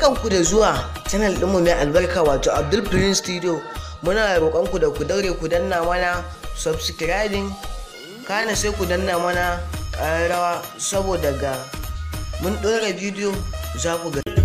ku da zuwa channel mu mai albarka wato abdul prince studio muna ku da ku daure ku danna mana subscribing kana sai ku danna mana rawa saboda ga mun ɗora bidiyo za ku ga